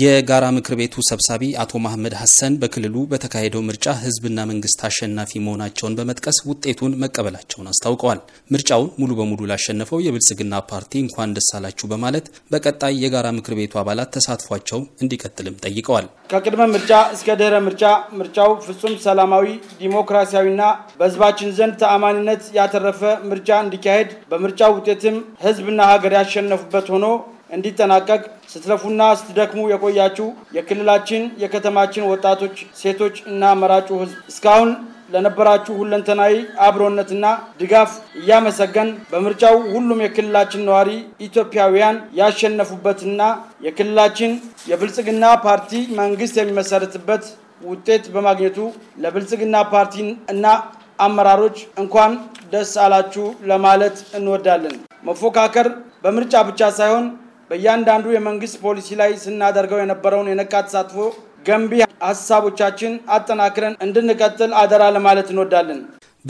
የጋራ ምክር ቤቱ ሰብሳቢ አቶ መሐመድ ሐሰን በክልሉ በተካሄደው ምርጫ ህዝብና መንግስት አሸናፊ መሆናቸውን በመጥቀስ ውጤቱን መቀበላቸውን አስታውቀዋል። ምርጫውን ሙሉ በሙሉ ላሸነፈው የብልጽግና ፓርቲ እንኳን ደስ አላችሁ በማለት በቀጣይ የጋራ ምክር ቤቱ አባላት ተሳትፏቸው እንዲቀጥልም ጠይቀዋል። ከቅድመ ምርጫ እስከ ድህረ ምርጫ ምርጫው ፍጹም ሰላማዊ፣ ዲሞክራሲያዊና በህዝባችን ዘንድ ተአማንነት ያተረፈ ምርጫ እንዲካሄድ በምርጫው ውጤትም ህዝብና ሀገር ያሸነፉበት ሆኖ እንዲጠናቀቅ ስትለፉና ስትደክሙ የቆያችሁ የክልላችን የከተማችን ወጣቶች፣ ሴቶች እና መራጩ ህዝብ እስካሁን ለነበራችሁ ሁለንተናዊ አብሮነትና ድጋፍ እያመሰገን በምርጫው ሁሉም የክልላችን ነዋሪ ኢትዮጵያውያን ያሸነፉበትና የክልላችን የብልጽግና ፓርቲ መንግስት የሚመሰርትበት ውጤት በማግኘቱ ለብልጽግና ፓርቲ እና አመራሮች እንኳን ደስ አላችሁ ለማለት እንወዳለን። መፎካከር በምርጫ ብቻ ሳይሆን በእያንዳንዱ የመንግስት ፖሊሲ ላይ ስናደርገው የነበረውን የነቃ ተሳትፎ ገንቢ ሀሳቦቻችን አጠናክረን እንድንቀጥል አደራ ለማለት እንወዳለን።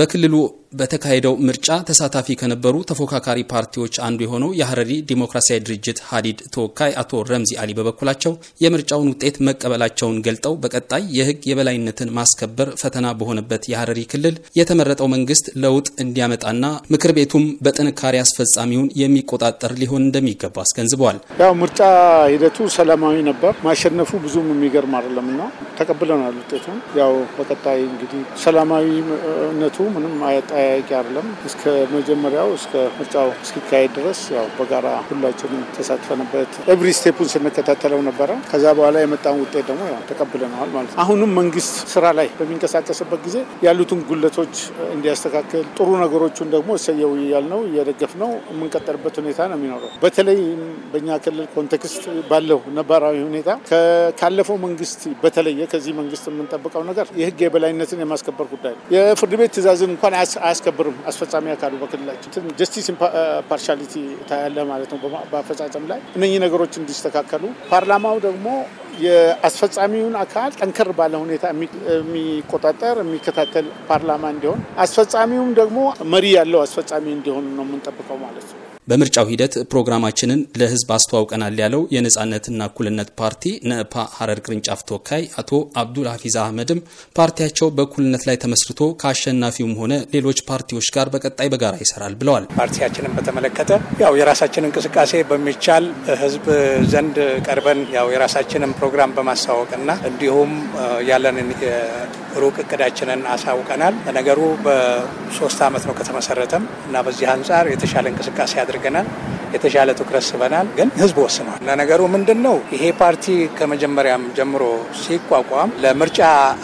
በክልሉ በተካሄደው ምርጫ ተሳታፊ ከነበሩ ተፎካካሪ ፓርቲዎች አንዱ የሆነው የሀረሪ ዲሞክራሲያዊ ድርጅት ሀዲድ ተወካይ አቶ ረምዚ አሊ በበኩላቸው የምርጫውን ውጤት መቀበላቸውን ገልጠው በቀጣይ የህግ የበላይነትን ማስከበር ፈተና በሆነበት የሀረሪ ክልል የተመረጠው መንግስት ለውጥ እንዲያመጣና ምክር ቤቱም በጥንካሬ አስፈጻሚውን የሚቆጣጠር ሊሆን እንደሚገባ አስገንዝበዋል። ያው ምርጫ ሂደቱ ሰላማዊ ነበር። ማሸነፉ ብዙም የሚገርም አይደለምና ተቀብለናል ውጤቱን። ያው በቀጣይ እንግዲህ ሰላማዊነቱ ምንም አያጣ ተጠያቂ አይደለም። እስከ መጀመሪያው እስከ ምርጫው እስኪካሄድ ድረስ ያው በጋራ ሁላችንም ተሳትፈንበት ኤብሪ ስቴፑን ስንከታተለው ነበረ። ከዛ በኋላ የመጣን ውጤት ደግሞ ያው ተቀብለነዋል ማለት ነው። አሁንም መንግስት ስራ ላይ በሚንቀሳቀስበት ጊዜ ያሉትን ጉለቶች እንዲያስተካክል፣ ጥሩ ነገሮቹን ደግሞ እሰየው ያልነው እየደገፍ ነው የምንቀጠልበት ሁኔታ ነው የሚኖረው። በተለይ በእኛ ክልል ኮንቴክስት ባለው ነባራዊ ሁኔታ ካለፈው መንግስት በተለየ ከዚህ መንግስት የምንጠብቀው ነገር የህግ የበላይነትን የማስከበር ጉዳይ ነው። የፍርድ ቤት ትእዛዝን እንኳን አያስከብርም አስፈጻሚ አካሉ በክልላችን ጀስቲስ ፓርሻሊቲ ታያለ ማለት ነው በአፈጻጸም ላይ እነኚህ ነገሮች እንዲስተካከሉ ፓርላማው ደግሞ የአስፈጻሚውን አካል ጠንከር ባለ ሁኔታ የሚቆጣጠር የሚከታተል ፓርላማ እንዲሆን፣ አስፈጻሚውም ደግሞ መሪ ያለው አስፈጻሚ እንዲሆን ነው የምንጠብቀው ማለት ነው። በምርጫው ሂደት ፕሮግራማችንን ለሕዝብ አስተዋውቀናል ያለው የነጻነትና እኩልነት ፓርቲ ነፓ ሀረር ቅርንጫፍ ተወካይ አቶ አብዱል ሀፊዝ አህመድም ፓርቲያቸው በእኩልነት ላይ ተመስርቶ ከአሸናፊውም ሆነ ሌሎች ፓርቲዎች ጋር በቀጣይ በጋራ ይሰራል ብለዋል። ፓርቲያችንን በተመለከተ ያው የራሳችን እንቅስቃሴ በሚቻል ሕዝብ ዘንድ ቀርበን ያው የራሳችንም ፕሮግራም በማስተዋወቅና እንዲሁም ያለንን ሩቅ እቅዳችንን አሳውቀናል። ነገሩ በሶስት አመት ነው ከተመሰረተም እና በዚህ አንጻር የተሻለ እንቅስቃሴ አድርገናል። የተሻለ ትኩረት ስበናል። ግን ህዝብ ወስኗል። ለነገሩ ምንድን ነው ይሄ ፓርቲ ከመጀመሪያም ጀምሮ ሲቋቋም ለምርጫ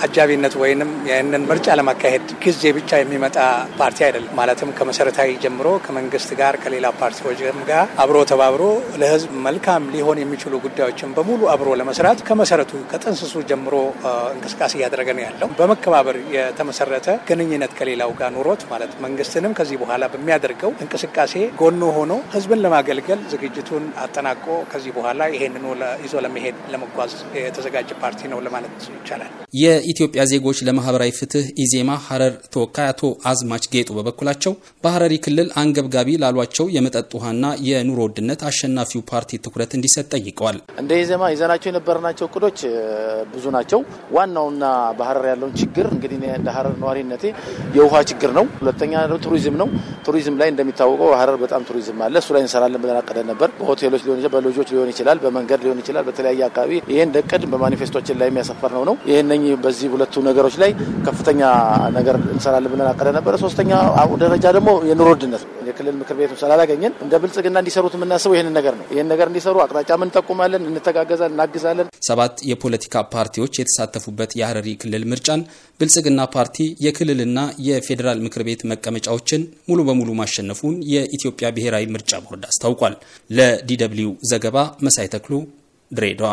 አጃቢነት ወይንም ይህንን ምርጫ ለማካሄድ ጊዜ ብቻ የሚመጣ ፓርቲ አይደለም። ማለትም ከመሰረታዊ ጀምሮ ከመንግስት ጋር ከሌላ ፓርቲዎች ጋር አብሮ ተባብሮ ለህዝብ መልካም ሊሆን የሚችሉ ጉዳዮችን በሙሉ አብሮ ለመስራት ከመሰረቱ ከጥንስሱ ጀምሮ እንቅስቃሴ እያደረገ ነው ያለው። በመከባበር የተመሰረተ ግንኙነት ከሌላው ጋር ኑሮት ማለት መንግስትንም ከዚህ በኋላ በሚያደርገው እንቅስቃሴ ጎኖ ሆኖ ህዝብን ለማ ለማገልገል ዝግጅቱን አጠናቆ ከዚህ በኋላ ይሄንኑ ይዞ ለመሄድ ለመጓዝ የተዘጋጀ ፓርቲ ነው ለማለት ይቻላል። የኢትዮጵያ ዜጎች ለማህበራዊ ፍትህ ኢዜማ ሀረር ተወካይ አቶ አዝማች ጌጡ በበኩላቸው በሀረሪ ክልል አንገብጋቢ ላሏቸው የመጠጥ ውሃና የኑሮ ውድነት አሸናፊው ፓርቲ ትኩረት እንዲሰጥ ጠይቀዋል። እንደ ኢዜማ ይዘናቸው የነበርናቸው እቅዶች ብዙ ናቸው። ዋናውና በሀረር ያለውን ችግር እንግዲህ እንደ ሀረር ነዋሪነቴ የውሃ ችግር ነው። ሁለተኛ ቱሪዝም ነው። ቱሪዝም ላይ እንደሚታወቀው ሀረር በጣም ቱሪዝም አለ። እሱ ላይ እንሰራ እንሰራለን ብለን አቅደን ነበር። በሆቴሎች ሊሆን ይችላል፣ በሎጆች ሊሆን ይችላል፣ በመንገድ ሊሆን ይችላል፣ በተለያየ አካባቢ ይህን እቅድ በማኒፌስቶችን ላይ የሚያሰፈር ነው ነው ይህነ በዚህ ሁለቱ ነገሮች ላይ ከፍተኛ ነገር እንሰራለን ብለን አቅደን ነበረ። ሶስተኛ ደረጃ ደግሞ የኑሮ ውድነት የክልል ምክር ቤቱ ስላላገኘን እንደ ብልጽግና እንዲሰሩት የምናስበው ይህንን ነገር ነው። ይህን ነገር እንዲሰሩ አቅጣጫም እንጠቁማለን፣ እንተጋገዛለን፣ እናግዛለን። ሰባት የፖለቲካ ፓርቲዎች የተሳተፉበት የሀረሪ ክልል ምርጫን ብልጽግና ፓርቲ የክልልና የፌዴራል ምክር ቤት መቀመጫዎችን ሙሉ በሙሉ ማሸነፉን የኢትዮጵያ ብሔራዊ ምርጫ ቦርድ አስታውቋል። ለዲደብሊው ዘገባ መሳይ ተክሉ ድሬዳዋ